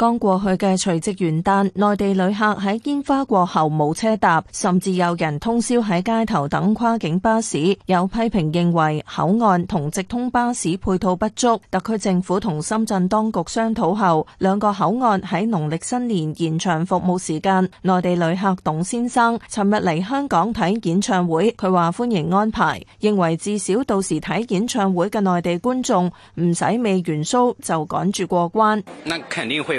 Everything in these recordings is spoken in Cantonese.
剛過去嘅除夕元旦，內地旅客喺煙花過後冇車搭，甚至有人通宵喺街頭等跨境巴士。有批評認為口岸同直通巴士配套不足。特區政府同深圳當局商討後，兩個口岸喺農曆新年延長服務時間。內地旅客董先生尋日嚟香港睇演唱會，佢話歡迎安排，認為至少到時睇演唱會嘅內地觀眾唔使未完 show 就趕住過關。那肯定會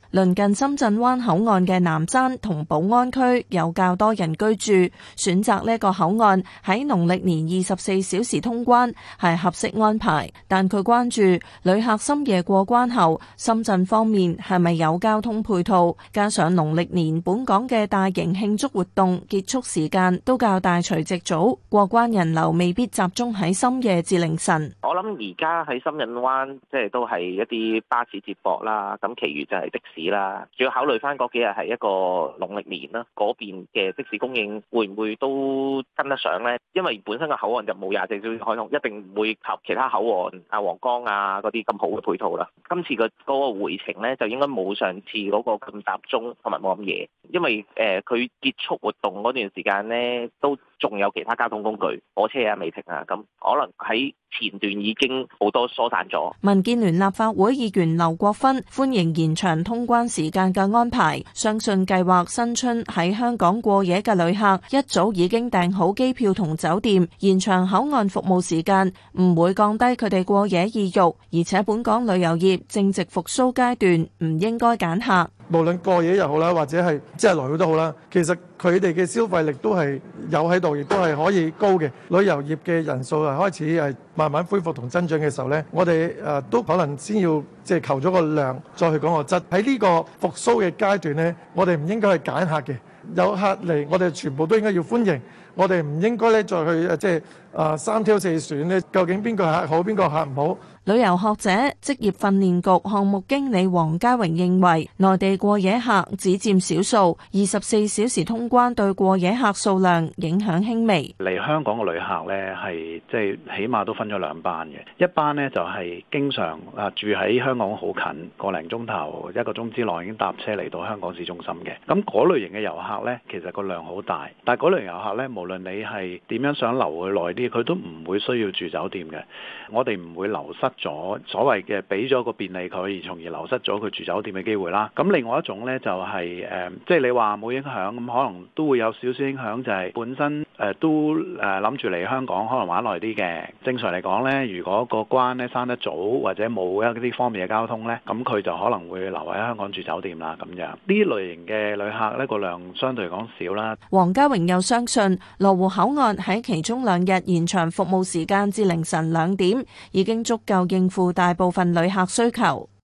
鄰近深圳灣口岸嘅南山同寶安區有較多人居住，選擇呢個口岸喺農曆年二十四小時通關係合適安排。但佢關注旅客深夜過關後，深圳方面係咪有交通配套？加上農曆年本港嘅大型慶祝活動結束時間都較大除夕早，過關人流未必集中喺深夜至凌晨。我諗而家喺深圳灣即係都係一啲巴士接駁啦，咁其餘就係的士。啦，仲要考慮翻嗰幾日係一個農曆年啦，嗰邊嘅即時供應會唔會都跟得上咧？因為本身個口岸就冇廿四小時開通，一定唔會及其他口岸，阿皇崗啊嗰啲咁好嘅配套啦。今次個個嗰回程咧，就應該冇上次嗰個咁集中，同埋冇咁夜，因為誒佢、呃、結束活動嗰段時間咧，都仲有其他交通工具，火車啊、未停啊，咁可能喺前段已經好多疏散咗。民建聯立法會議員劉國勳歡迎延長通關時間嘅安排，相信計劃新春喺香港過夜嘅旅客一早已經訂好機票同酒店。延長口岸服務時間唔會降低佢哋過夜意欲，而且本港旅遊業正值復蘇階段，唔應該揀客。無論過夜又好啦，或者係即係來回都好啦，其實佢哋嘅消費力都係有喺度，亦都係可以高嘅。旅遊業嘅人數係開始係慢慢恢復同增長嘅時候呢，我哋誒都可能先要即係求咗個量，再去講個質。喺呢個復甦嘅階段呢，我哋唔應該去揀客嘅，有客嚟，我哋全部都應該要歡迎。我哋唔應該咧再去即係、啊、三挑四選，究竟邊個客好，邊個客唔好？旅遊學者、職業訓練局項目經理黃家榮認為，內地過夜客只佔少數，二十四小時通關對過夜客數量影響輕微。嚟香港嘅旅客咧，係即係起碼都分咗兩班嘅，一班呢，就係經常啊住喺香港好近，個零鐘頭一個鐘之內已經搭車嚟到香港市中心嘅。咁嗰類型嘅遊客咧，其實個量好大，但係嗰類遊客咧冇。無論你係點樣想留佢耐啲，佢都唔會需要住酒店嘅。我哋唔會流失咗所謂嘅俾咗個便利佢，而從而流失咗佢住酒店嘅機會啦。咁另外一種呢，就係誒，即係你話冇影響，咁可能都會有少少影響，就係本身。誒都誒諗住嚟香港，可能玩耐啲嘅。正常嚟講呢，如果個關呢閂得早，或者冇一啲方面嘅交通呢，咁佢就可能會留喺香港住酒店啦。咁樣呢啲類型嘅旅客呢，個量相對嚟講少啦。黃家榮又相信，羅湖口岸喺其中兩日延長服務時間至凌晨兩點，已經足夠應付大部分旅客需求。